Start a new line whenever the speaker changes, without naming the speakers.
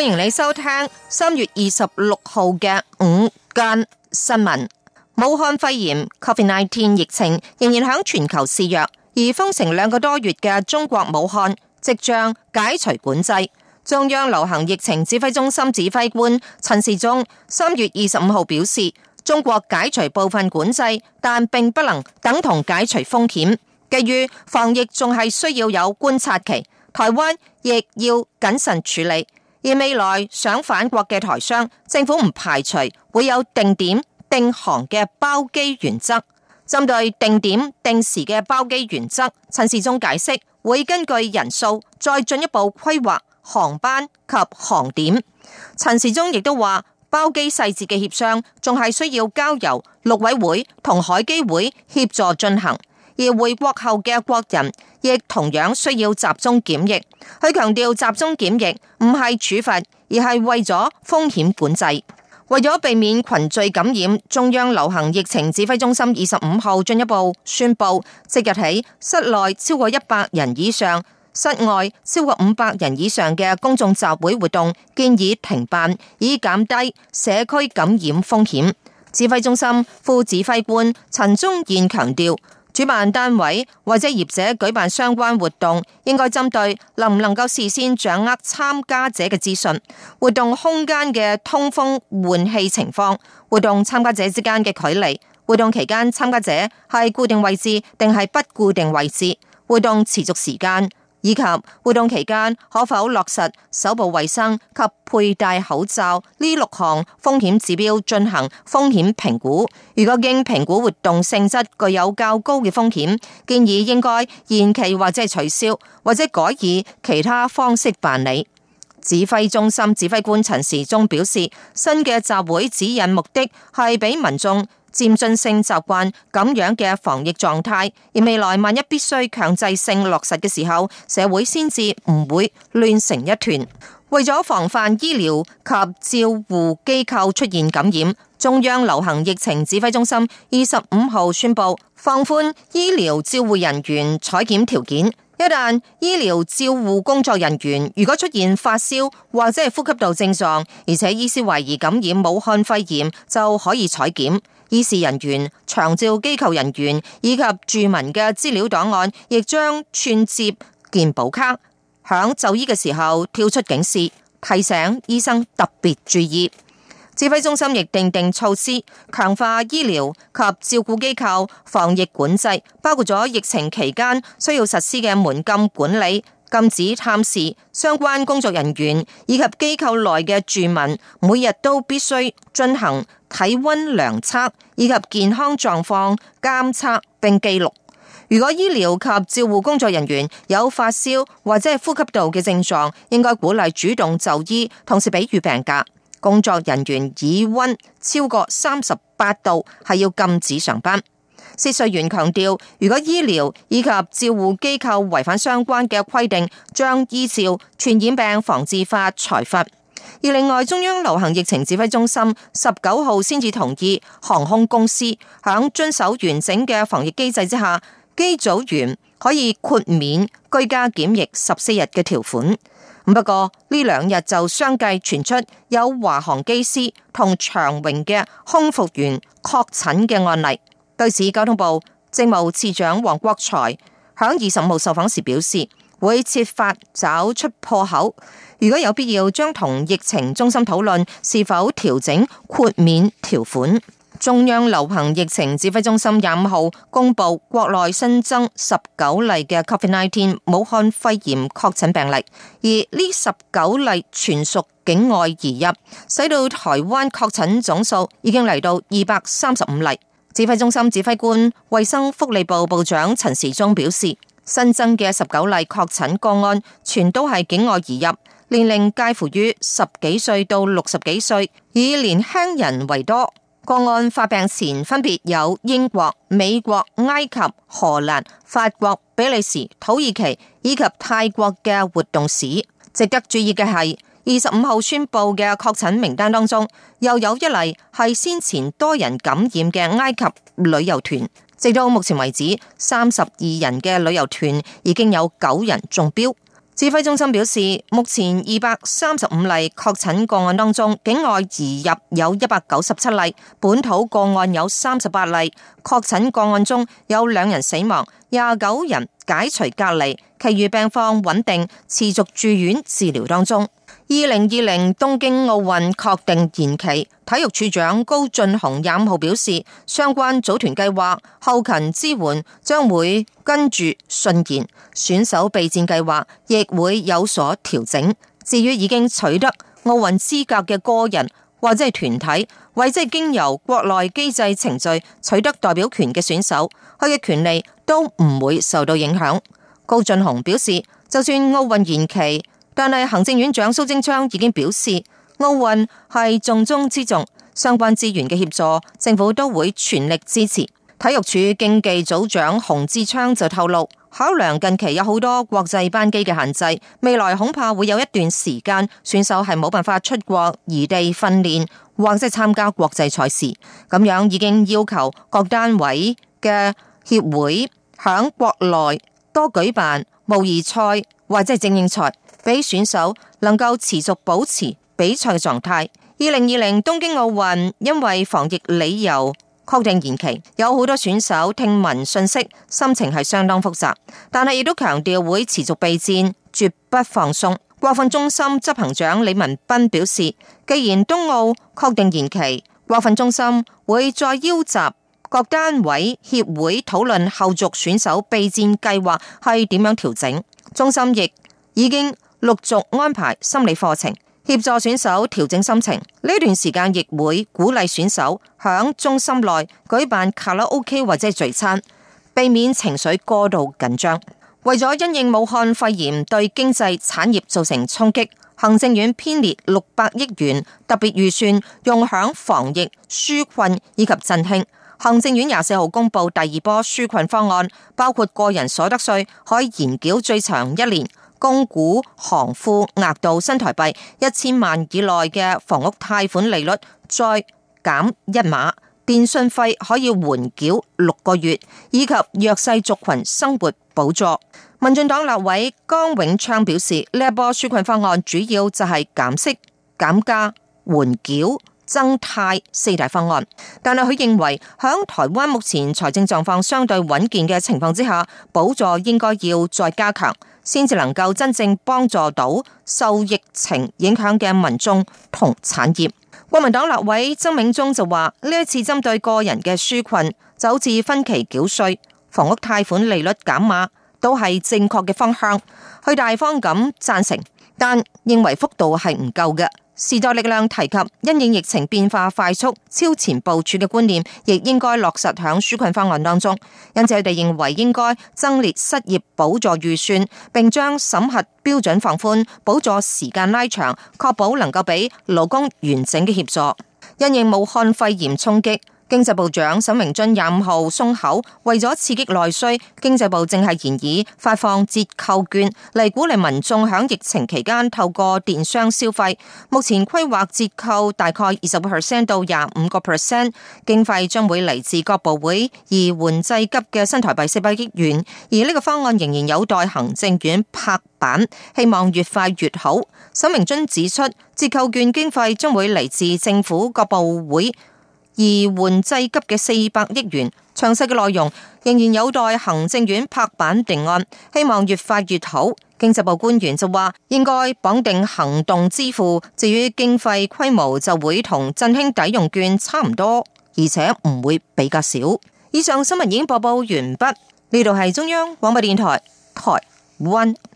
歡迎你收聽三月二十六號嘅午間新聞。武漢肺炎 （COVID-19） 疫情仍然響全球肆虐，而封城兩個多月嘅中國武漢即將解除管制。中央流行疫情指揮中心指揮官陳時中三月二十五號表示，中國解除部分管制，但並不能等同解除風險，基於防疫仲係需要有觀察期。台灣亦要謹慎處理。而未來想返國嘅台商，政府唔排除會有定點定航嘅包機原則。針對定點定時嘅包機原則，陳時中解釋會根據人數再進一步規劃航班及航點。陳時中亦都話包機細節嘅協商仲係需要交由陸委會同海基會協助進行。而回國後嘅國人亦同樣需要集中檢疫。佢強調，集中檢疫唔係處罰，而係為咗風險管制，為咗避免群聚感染。中央流行疫情指揮中心二十五號進一步宣布，即日起室內超過一百人以上、室外超過五百人以上嘅公眾集會活動建議停辦，以減低社區感染風險。指揮中心副指揮官陳宗彥強調。主辦單位或者業者舉辦相關活動，應該針對能唔能夠事先掌握參加者嘅資訊、活動空間嘅通風換氣情況、活動參加者之間嘅距離、活動期間參加者係固定位置定係不固定位置、活動持續時間以及活動期間可否落實手部衛生及佩戴口罩呢六項風險指標進行風險評估。如果經評估活動性質具有較高嘅風險，建議應該延期或者取消，或者改以其他方式辦理。指揮中心指揮官陳時中表示，新嘅集會指引目的係俾民眾漸進性習慣咁樣嘅防疫狀態，而未來萬一必須強制性落實嘅時候，社會先至唔會亂成一團。為咗防範醫療及照護機構出現感染，中央流行疫情指揮中心二十五號宣布放寬醫療照護人員採檢條件。一旦醫療照護工作人員如果出現發燒或者呼吸道症狀，而且醫師懷疑感染武漢肺炎，就可以採檢。醫事人員、長照機構人員以及住民嘅資料檔案，亦將串接健保卡，響就醫嘅時候跳出警示，提醒醫生特別注意。指揮中心亦訂定措施，強化醫療及照顧機構防疫管制，包括咗疫情期間需要實施嘅門禁管理。禁止探視，相關工作人員以及機構內嘅住民，每日都必須進行體温量測以及健康狀況監測並記錄。如果醫療及照護工作人員有發燒或者呼吸道嘅症狀，應該鼓勵主動就醫，同時俾予病假。工作人員耳温超過三十八度係要禁止上班。薛瑞元強調，如果醫療以及照護機構違反相關嘅規定將，將依照傳染病防治法裁罰。而另外，中央流行疫情指揮中心十九號先至同意航空公司喺遵守完整嘅防疫機制之下，機組員可以豁免居家檢疫十四日嘅條款。不過呢兩日就相繼傳出有華航機師同長榮嘅空服員確診嘅案例。對此，交通部政務次長王國材響二十五號受訪時表示，會設法找出破口，如果有必要，將同疫情中心討論是否調整豁免條款。中央流行疫情指揮中心廿五號公布國內新增十九例嘅 COVID-19 武漢肺炎確診病例，而呢十九例全屬境外移入，使到台灣確診總數已經嚟到二百三十五例。指揮中心指揮官、衛生福利部部長陳時中表示，新增嘅十九例確診個案，全都係境外移入，年齡介乎於十幾歲到六十幾歲，以年輕人為多。個案發病前分別有英國、美國、埃及、荷蘭、法國、比利時、土耳其以及泰國嘅活動史。值得注意嘅係，二十五號宣布嘅確診名單當中，又有一例係先前多人感染嘅埃及旅遊團。直到目前為止，三十二人嘅旅遊團已經有九人中標。指揮中心表示，目前二百三十五例確診個案當中，境外移入有一百九十七例，本土個案有三十八例。確診個案中有兩人死亡，廿九人解除隔離，其餘病況穩定，持續住院治療當中。二零二零東京奧運確定延期，體育署長高俊雄廿五號表示，相關組團計劃、後勤支援將會跟住順延，選手備戰計劃亦會有所調整。至於已經取得奧運資格嘅個人或者係團體，或者係經由國內機制程序取得代表權嘅選手，佢嘅權利都唔會受到影響。高俊雄表示，就算奧運延期。但係行政院長蘇貞昌已經表示，奧運係重中之重，相關資源嘅協助，政府都會全力支持。體育署競技組長洪志昌就透露，考量近期有好多國際班機嘅限制，未來恐怕會有一段時間，選手係冇辦法出國移地訓練，或者係參加國際賽事。咁樣已經要求各單位嘅協會響國內多舉辦模擬賽或者係精英賽。俾選手能夠持續保持比賽嘅狀態。二零二零東京奧運因為防疫理由確定延期，有好多選手聽聞訊息，心情係相當複雜。但係亦都強調會持續備戰，絕不放鬆。國訓中心執行長李文斌表示，既然東奧確定延期，國訓中心會再邀集各單位協會討論後續選手備戰計劃係點樣調整。中心亦已經。陸續安排心理課程，協助選手調整心情。呢段時間亦會鼓勵選手響中心內舉辦卡拉 OK 或者聚餐，避免情緒過度緊張。為咗因應武漢肺炎對經濟產業造成衝擊，行政院編列六百億元特別預算，用響防疫、紓困以及振興。行政院廿四號公布第二波紓困方案，包括個人所得稅可以延繳最長一年。公股行庫額度新台幣一千萬以內嘅房屋貸款利率再減一碼，電信費可以緩繳六個月，以及弱勢族群生活補助。民進黨立委江永昌表示，呢一波紓困方案主要就係減息、減價、緩繳、增貸四大方案。但係佢認為，響台灣目前財政狀況相對穩健嘅情況之下，補助應該要再加強。先至能夠真正幫助到受疫情影響嘅民眾同產業。國民黨立委曾銘宗就話：呢一次針對個人嘅紓困，就好似分期繳稅、房屋貸款利率減碼，都係正確嘅方向，去大方咁贊成，但認為幅度係唔夠嘅。時代力量提及因應疫情變化快速超前部署嘅觀念，亦應該落實響紓困方案當中。因此，佢哋認為應該增列失業補助預算，並將審核標準放寬，補助時間拉長，確保能夠俾勞工完整嘅協助。因應武漢肺炎衝擊。經濟部長沈明津廿五號鬆口，為咗刺激內需，經濟部正係研議發放折扣券嚟鼓勵民眾喺疫情期間透過電商消費。目前規劃折扣大概二十個 percent 到廿五個 percent，經費將會嚟自各部會，而換制急嘅新台幣四百億元。而呢個方案仍然有待行政院拍板，希望越快越好。沈明津指出，折扣券經費將會嚟自政府各部會。而緩濟急嘅四百億元，詳細嘅內容仍然有待行政院拍板定案，希望越快越好。經濟部官員就話，應該綁定行動支付，至於經費規模就會同振興抵用券差唔多，而且唔會比較少。以上新聞已經播報完畢，呢度係中央廣播電台台灣